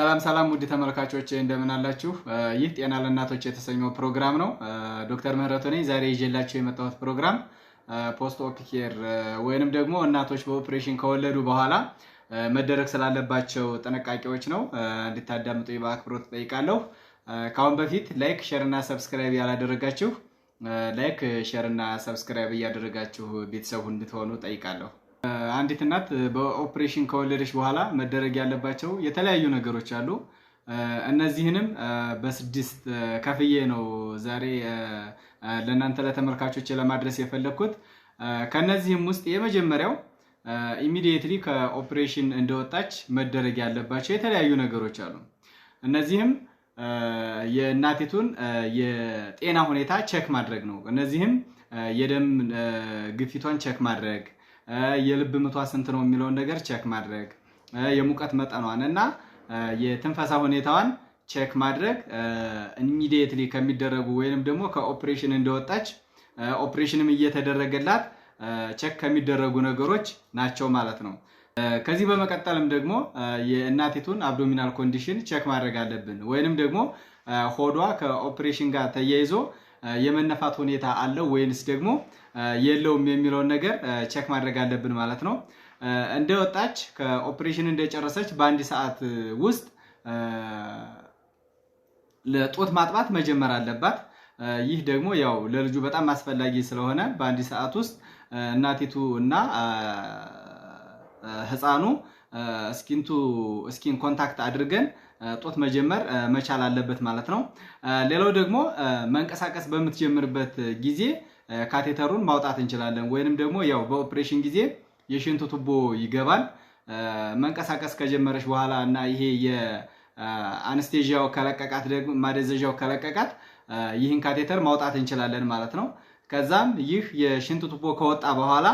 ሰላም ሰላም ውድ ተመልካቾች እንደምን አላችሁ? ይህ ጤና ለእናቶች የተሰኘው ፕሮግራም ነው። ዶክተር ምህረቱ ነኝ። ዛሬ ይዤላችሁ የመጣሁት ፕሮግራም ፖስት ኦፕ ኬር ወይንም ደግሞ እናቶች በኦፕሬሽን ከወለዱ በኋላ መደረግ ስላለባቸው ጥንቃቄዎች ነው። እንድታዳምጡ በአክብሮት ጠይቃለሁ። ከአሁን በፊት ላይክ፣ ሼር እና ሰብስክራይብ ያላደረጋችሁ ላይክ፣ ሼር እና ሰብስክራይብ እያደረጋችሁ ቤተሰቡ እንድትሆኑ ጠይቃለሁ። አንዲት እናት በኦፕሬሽን ከወለደች በኋላ መደረግ ያለባቸው የተለያዩ ነገሮች አሉ። እነዚህንም በስድስት ከፍዬ ነው ዛሬ ለእናንተ ለተመልካቾች ለማድረስ የፈለግኩት። ከነዚህም ውስጥ የመጀመሪያው ኢሚዲየትሊ ከኦፕሬሽን እንደወጣች መደረግ ያለባቸው የተለያዩ ነገሮች አሉ። እነዚህም የእናቲቱን የጤና ሁኔታ ቸክ ማድረግ ነው። እነዚህም የደም ግፊቷን ቸክ ማድረግ የልብ ምቷ ስንት ነው የሚለውን ነገር ቼክ ማድረግ፣ የሙቀት መጠኗን እና የትንፈሳ ሁኔታዋን ቼክ ማድረግ ኢሚዲየትሊ ከሚደረጉ ወይንም ደግሞ ከኦፕሬሽን እንደወጣች ኦፕሬሽንም እየተደረገላት ቼክ ከሚደረጉ ነገሮች ናቸው ማለት ነው። ከዚህ በመቀጠልም ደግሞ የእናቲቱን አብዶሚናል ኮንዲሽን ቼክ ማድረግ አለብን። ወይንም ደግሞ ሆዷ ከኦፕሬሽን ጋር ተያይዞ የመነፋት ሁኔታ አለው ወይንስ ደግሞ የለውም የሚለውን ነገር ቼክ ማድረግ አለብን ማለት ነው። እንደወጣች ከኦፕሬሽን እንደጨረሰች በአንድ ሰዓት ውስጥ ለጡት ማጥባት መጀመር አለባት። ይህ ደግሞ ያው ለልጁ በጣም አስፈላጊ ስለሆነ በአንድ ሰዓት ውስጥ እናቲቱ እና ህፃኑ እስኪንቱ እስኪን ኮንታክት አድርገን ጡት መጀመር መቻል አለበት ማለት ነው። ሌላው ደግሞ መንቀሳቀስ በምትጀምርበት ጊዜ ካቴተሩን ማውጣት እንችላለን። ወይንም ደግሞ ያው በኦፕሬሽን ጊዜ የሽንት ቱቦ ይገባል። መንቀሳቀስ ከጀመረች በኋላ እና ይሄ የአንስቴዥያው ከለቀቃት ደግሞ ማደዘዣው ከለቀቃት ይህን ካቴተር ማውጣት እንችላለን ማለት ነው። ከዛም ይህ የሽንት ቱቦ ከወጣ በኋላ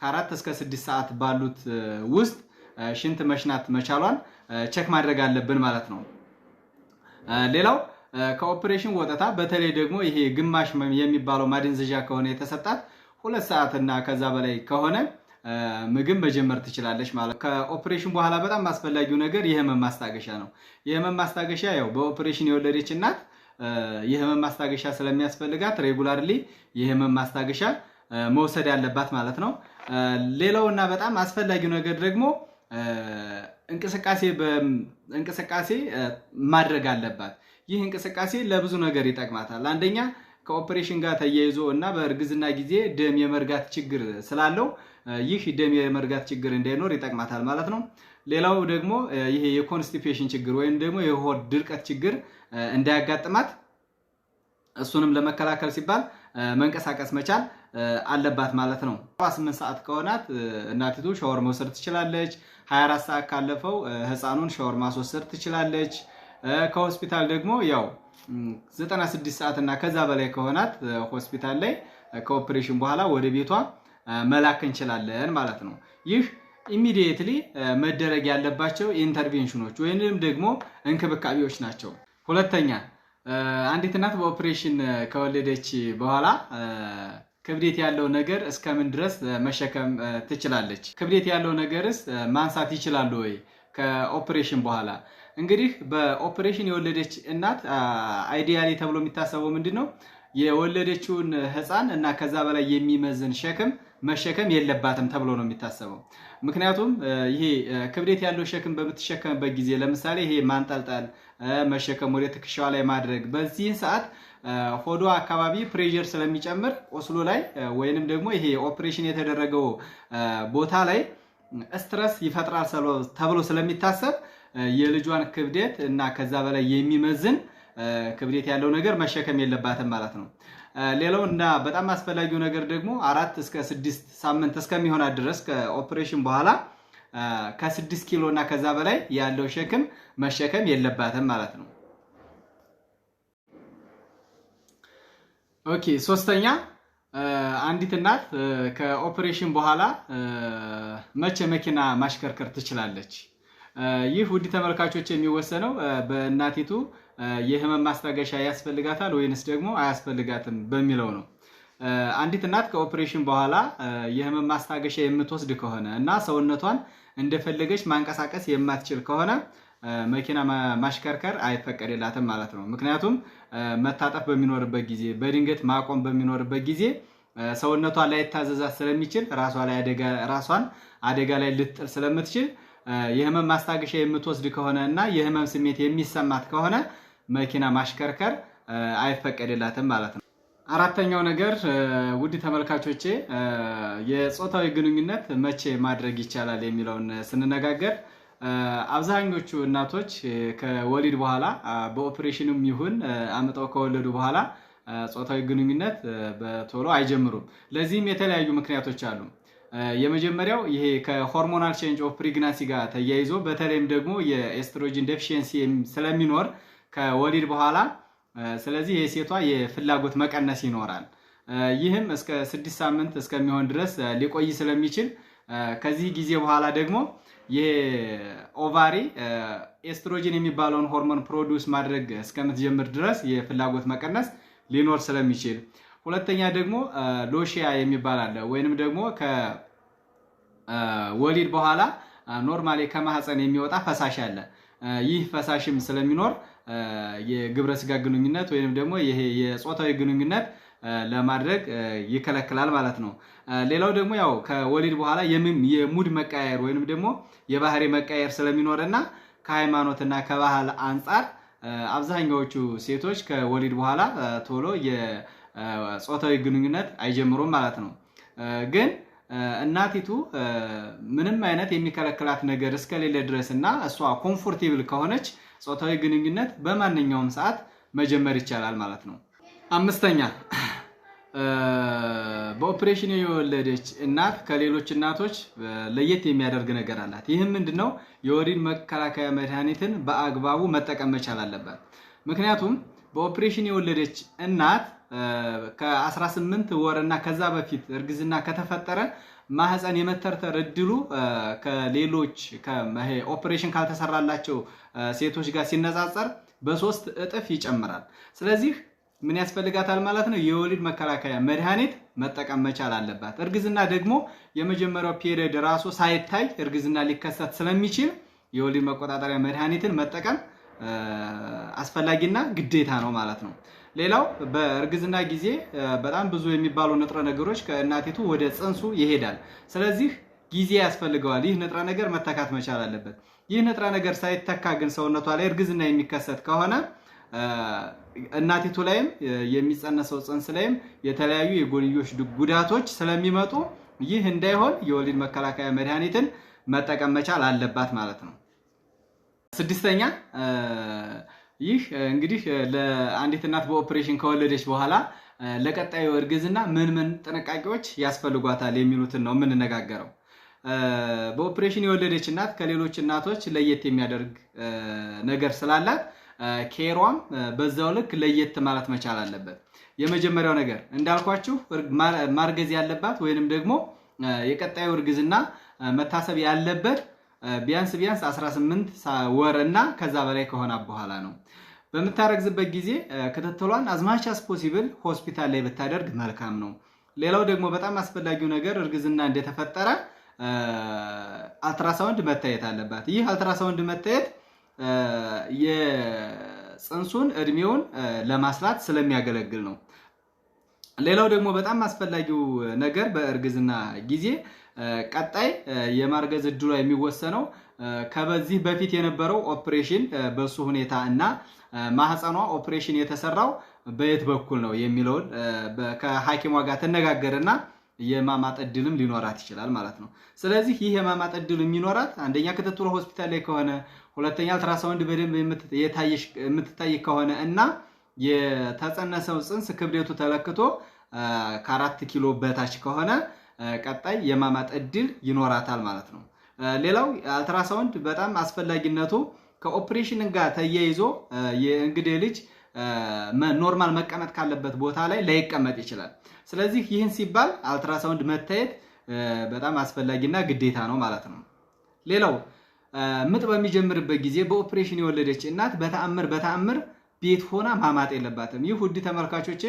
ከአራት እስከ ስድስት ሰዓት ባሉት ውስጥ ሽንት መሽናት መቻሏን ቼክ ማድረግ አለብን ማለት ነው። ሌላው ከኦፕሬሽን ወጠታ በተለይ ደግሞ ይሄ ግማሽ የሚባለው ማደንዘዣ ከሆነ የተሰጣት ሁለት ሰዓት እና ከዛ በላይ ከሆነ ምግብ መጀመር ትችላለች ማለት። ከኦፕሬሽን በኋላ በጣም አስፈላጊው ነገር የህመም ማስታገሻ ነው። የህመም ማስታገሻ ያው በኦፕሬሽን የወለደች እናት የህመም ማስታገሻ ስለሚያስፈልጋት ሬጉላርሊ የህመም ማስታገሻ መውሰድ ያለባት ማለት ነው። ሌላው እና በጣም አስፈላጊው ነገር ደግሞ እንቅስቃሴ ማድረግ አለባት። ይህ እንቅስቃሴ ለብዙ ነገር ይጠቅማታል። አንደኛ ከኦፕሬሽን ጋር ተያይዞ እና በእርግዝና ጊዜ ደም የመርጋት ችግር ስላለው ይህ ደም የመርጋት ችግር እንዳይኖር ይጠቅማታል ማለት ነው። ሌላው ደግሞ ይሄ የኮንስቲፔሽን ችግር ወይም ደግሞ የሆድ ድርቀት ችግር እንዳያጋጥማት እሱንም ለመከላከል ሲባል መንቀሳቀስ መቻል አለባት ማለት ነው። 48 ሰዓት ከሆናት እናቲቱ ሻወር መውሰድ ትችላለች። 24 ሰዓት ካለፈው ህፃኑን ሻወር ማስወሰድ ትችላለች። ከሆስፒታል ደግሞ ያው 96 ሰዓት እና ከዛ በላይ ከሆናት ሆስፒታል ላይ ከኦፕሬሽን በኋላ ወደ ቤቷ መላክ እንችላለን ማለት ነው። ይህ ኢሚዲየትሊ መደረግ ያለባቸው ኢንተርቬንሽኖች ወይንም ደግሞ እንክብካቤዎች ናቸው። ሁለተኛ አንዲት እናት በኦፕሬሽን ከወለደች በኋላ ክብደት ያለው ነገር እስከምን ድረስ መሸከም ትችላለች? ክብደት ያለው ነገርስ ማንሳት ይችላሉ ወይ? ከኦፕሬሽን በኋላ እንግዲህ በኦፕሬሽን የወለደች እናት አይዲያሊ ተብሎ የሚታሰበው ምንድን ነው? የወለደችውን ህፃን እና ከዛ በላይ የሚመዝን ሸክም መሸከም የለባትም ተብሎ ነው የሚታሰበው። ምክንያቱም ይሄ ክብደት ያለው ሸክም በምትሸከምበት ጊዜ ለምሳሌ ይሄ ማንጠልጠል፣ መሸከም፣ ወደ ትከሻዋ ላይ ማድረግ በዚህን ሰዓት ሆዶ አካባቢ ፕሬር ስለሚጨምር ቆስሎ ላይ ወይንም ደግሞ ይሄ ኦፕሬሽን የተደረገው ቦታ ላይ ስትረስ ይፈጥራል ተብሎ ስለሚታሰብ የልጇን ክብደት እና ከዛ በላይ የሚመዝን ክብደት ያለው ነገር መሸከም የለባትም ማለት ነው። ሌላው እና በጣም አስፈላጊው ነገር ደግሞ አራት እስከ ስድስት ሳምንት እስከሚሆናት ድረስ ከኦፕሬሽን በኋላ ከስድስት ኪሎ እና ከዛ በላይ ያለው ሸክም መሸከም የለባትም ማለት ነው። ኦኬ ሶስተኛ አንዲት እናት ከኦፕሬሽን በኋላ መቼ መኪና ማሽከርከር ትችላለች? ይህ ውድ ተመልካቾች የሚወሰነው በእናቲቱ የህመም ማስታገሻ ያስፈልጋታል ወይንስ ደግሞ አያስፈልጋትም በሚለው ነው። አንዲት እናት ከኦፕሬሽን በኋላ የህመም ማስታገሻ የምትወስድ ከሆነ እና ሰውነቷን እንደፈለገች ማንቀሳቀስ የማትችል ከሆነ መኪና ማሽከርከር አይፈቀድላትም ማለት ነው። ምክንያቱም መታጠፍ በሚኖርበት ጊዜ፣ በድንገት ማቆም በሚኖርበት ጊዜ ሰውነቷ ላይ ታዘዛት ስለሚችል ራሷ ላይ አደጋ ራሷን አደጋ ላይ ልትጥል ስለምትችል የህመም ማስታገሻ የምትወስድ ከሆነ እና የህመም ስሜት የሚሰማት ከሆነ መኪና ማሽከርከር አይፈቀድላትም ማለት ነው። አራተኛው ነገር ውድ ተመልካቾቼ የጾታዊ ግንኙነት መቼ ማድረግ ይቻላል የሚለውን ስንነጋገር አብዛኞቹ እናቶች ከወሊድ በኋላ በኦፕሬሽንም ይሁን አምጠው ከወለዱ በኋላ ጾታዊ ግንኙነት በቶሎ አይጀምሩም። ለዚህም የተለያዩ ምክንያቶች አሉ። የመጀመሪያው ይሄ ከሆርሞናል ቼንጅ ኦፍ ፕሪግናንሲ ጋር ተያይዞ በተለይም ደግሞ የኤስትሮጂን ዴፊሽንሲ ስለሚኖር ከወሊድ በኋላ ስለዚህ የሴቷ የፍላጎት መቀነስ ይኖራል። ይህም እስከ ስድስት ሳምንት እስከሚሆን ድረስ ሊቆይ ስለሚችል ከዚህ ጊዜ በኋላ ደግሞ የኦቫሪ ኤስትሮጂን የሚባለውን ሆርሞን ፕሮዲውስ ማድረግ እስከምትጀምር ድረስ የፍላጎት መቀነስ ሊኖር ስለሚችል፣ ሁለተኛ ደግሞ ሎሺያ የሚባል አለ ወይንም ደግሞ ከወሊድ በኋላ ኖርማሊ ከማህፀን የሚወጣ ፈሳሽ አለ። ይህ ፈሳሽም ስለሚኖር የግብረ ስጋ ግንኙነት ወይንም ደግሞ ይሄ የፆታዊ ግንኙነት ለማድረግ ይከለክላል ማለት ነው። ሌላው ደግሞ ያው ከወሊድ በኋላ የሙድ መቀያየር ወይንም ደግሞ የባህሪ መቀያየር ስለሚኖርና ከሃይማኖትና ከባህል አንጻር አብዛኛዎቹ ሴቶች ከወሊድ በኋላ ቶሎ የጾታዊ ግንኙነት አይጀምሩም ማለት ነው። ግን እናቲቱ ምንም አይነት የሚከለክላት ነገር እስከሌለ ድረስ እና እሷ ኮምፎርቴብል ከሆነች ጾታዊ ግንኙነት በማንኛውም ሰዓት መጀመር ይቻላል ማለት ነው። አምስተኛ በኦፕሬሽን የወለደች እናት ከሌሎች እናቶች ለየት የሚያደርግ ነገር አላት። ይህም ምንድን ነው? የወሊድ መከላከያ መድኃኒትን በአግባቡ መጠቀም መቻል አለባት። ምክንያቱም በኦፕሬሽን የወለደች እናት ከ18 ወር እና ከዛ በፊት እርግዝና ከተፈጠረ ማህፀን የመተርተር እድሉ ከሌሎች ኦፕሬሽን ካልተሰራላቸው ሴቶች ጋር ሲነጻጸር በሶስት እጥፍ ይጨምራል። ስለዚህ ምን ያስፈልጋታል ማለት ነው? የወሊድ መከላከያ መድኃኒት መጠቀም መቻል አለባት። እርግዝና ደግሞ የመጀመሪያው ፔሪዮድ ራሱ ሳይታይ እርግዝና ሊከሰት ስለሚችል የወሊድ መቆጣጠሪያ መድኃኒትን መጠቀም አስፈላጊና ግዴታ ነው ማለት ነው። ሌላው በእርግዝና ጊዜ በጣም ብዙ የሚባሉ ንጥረ ነገሮች ከእናቲቱ ወደ ጽንሱ ይሄዳል። ስለዚህ ጊዜ ያስፈልገዋል። ይህ ንጥረ ነገር መተካት መቻል አለበት። ይህ ንጥረ ነገር ሳይተካ ግን ሰውነቷ ላይ እርግዝና የሚከሰት ከሆነ እናቲቱ ላይም የሚጸነሰው ጽንስ ላይም የተለያዩ የጎንዮሽ ጉዳቶች ስለሚመጡ ይህ እንዳይሆን የወሊድ መከላከያ መድኃኒትን መጠቀም መቻል አለባት ማለት ነው። ስድስተኛ ይህ እንግዲህ ለአንዲት እናት በኦፕሬሽን ከወለደች በኋላ ለቀጣዩ እርግዝና ምን ምን ጥንቃቄዎች ያስፈልጓታል የሚሉትን ነው የምንነጋገረው። በኦፕሬሽን የወለደች እናት ከሌሎች እናቶች ለየት የሚያደርግ ነገር ስላላት ኬሯም በዛው ልክ ለየት ማለት መቻል አለበት። የመጀመሪያው ነገር እንዳልኳችሁ ማርገዝ ያለባት ወይንም ደግሞ የቀጣዩ እርግዝና መታሰብ ያለበት ቢያንስ ቢያንስ 18 ወር እና ከዛ በላይ ከሆነ በኋላ ነው። በምታረግዝበት ጊዜ ክትትሏን አዝማች አስ ፖሲብል ሆስፒታል ላይ ብታደርግ መልካም ነው። ሌላው ደግሞ በጣም አስፈላጊው ነገር እርግዝና እንደተፈጠረ አልትራሳውንድ መታየት አለባት። ይህ አልትራሳውንድ መታየት የፅንሱን እድሜውን ለማስላት ስለሚያገለግል ነው። ሌላው ደግሞ በጣም አስፈላጊው ነገር በእርግዝና ጊዜ ቀጣይ የማርገዝ እድሏ የሚወሰነው ከበዚህ በፊት የነበረው ኦፕሬሽን በሱ ሁኔታ እና ማህፀኗ ኦፕሬሽን የተሰራው በየት በኩል ነው የሚለውን ከሐኪሟ ጋር ትነጋገርና የማማጥ እድልም ሊኖራት ይችላል ማለት ነው። ስለዚህ ይህ የማማጥ እድል የሚኖራት አንደኛ ክትትሏ ሆስፒታል ላይ ከሆነ ሁለተኛ አልትራሳውንድ በደንብ የምትታይ ከሆነ እና የተጸነሰው ጽንስ ክብደቱ ተለክቶ ከአራት ኪሎ በታች ከሆነ ቀጣይ የማማጥ እድል ይኖራታል ማለት ነው። ሌላው አልትራሳውንድ በጣም አስፈላጊነቱ ከኦፕሬሽን ጋር ተያይዞ የእንግዴ ልጅ ኖርማል መቀመጥ ካለበት ቦታ ላይ ላይቀመጥ ይችላል። ስለዚህ ይህን ሲባል አልትራሳውንድ መታየት በጣም አስፈላጊና ግዴታ ነው ማለት ነው። ሌላው ምጥ በሚጀምርበት ጊዜ በኦፕሬሽን የወለደች እናት በተአምር በተአምር ቤት ሆና ማማጥ የለባትም። ይህ ውድ ተመልካቾቼ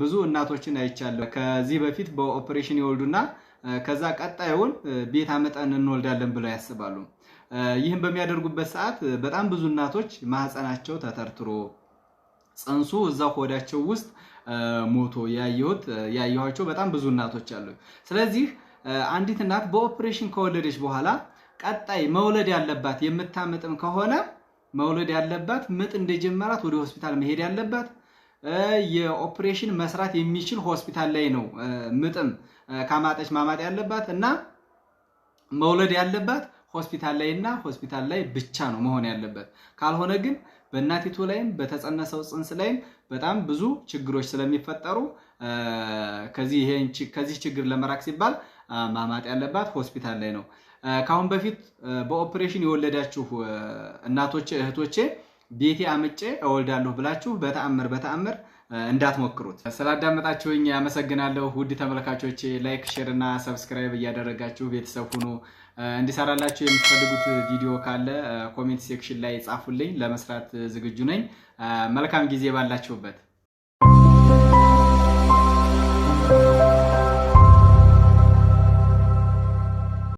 ብዙ እናቶችን አይቻለሁ። ከዚህ በፊት በኦፕሬሽን ይወልዱና ከዛ ቀጣዩን ቤት አመጠን እንወልዳለን ብለው ያስባሉ። ይህም በሚያደርጉበት ሰዓት በጣም ብዙ እናቶች ማህፀናቸው ተተርትሮ ጽንሱ እዛ ሆዳቸው ውስጥ ሞቶ ያየሁት ያየኋቸው በጣም ብዙ እናቶች አሉ። ስለዚህ አንዲት እናት በኦፕሬሽን ከወለደች በኋላ ቀጣይ መውለድ ያለባት የምታምጥም ከሆነ መውለድ ያለባት ምጥ እንደጀመራት ወደ ሆስፒታል መሄድ ያለባት የኦፕሬሽን መስራት የሚችል ሆስፒታል ላይ ነው። ምጥም ካማጠች ማማጥ ያለባት እና መውለድ ያለባት ሆስፒታል ላይ እና ሆስፒታል ላይ ብቻ ነው መሆን ያለበት። ካልሆነ ግን በእናቲቱ ላይም በተጸነሰው ጽንስ ላይም በጣም ብዙ ችግሮች ስለሚፈጠሩ ከዚህ ችግር ለመራቅ ሲባል ማማጥ ያለባት ሆስፒታል ላይ ነው። ከአሁን በፊት በኦፕሬሽን የወለዳችሁ እናቶቼ፣ እህቶቼ ቤቴ አምጬ እወልዳለሁ ብላችሁ በተአምር በተአምር እንዳትሞክሩት። ስላዳመጣችሁኝ አመሰግናለሁ። ውድ ተመልካቾቼ ላይክ፣ ሼር እና ሰብስክራይብ እያደረጋችሁ ቤተሰብ ሁኑ። እንዲሰራላችሁ የምትፈልጉት ቪዲዮ ካለ ኮሜንት ሴክሽን ላይ ጻፉልኝ። ለመስራት ዝግጁ ነኝ። መልካም ጊዜ ባላችሁበት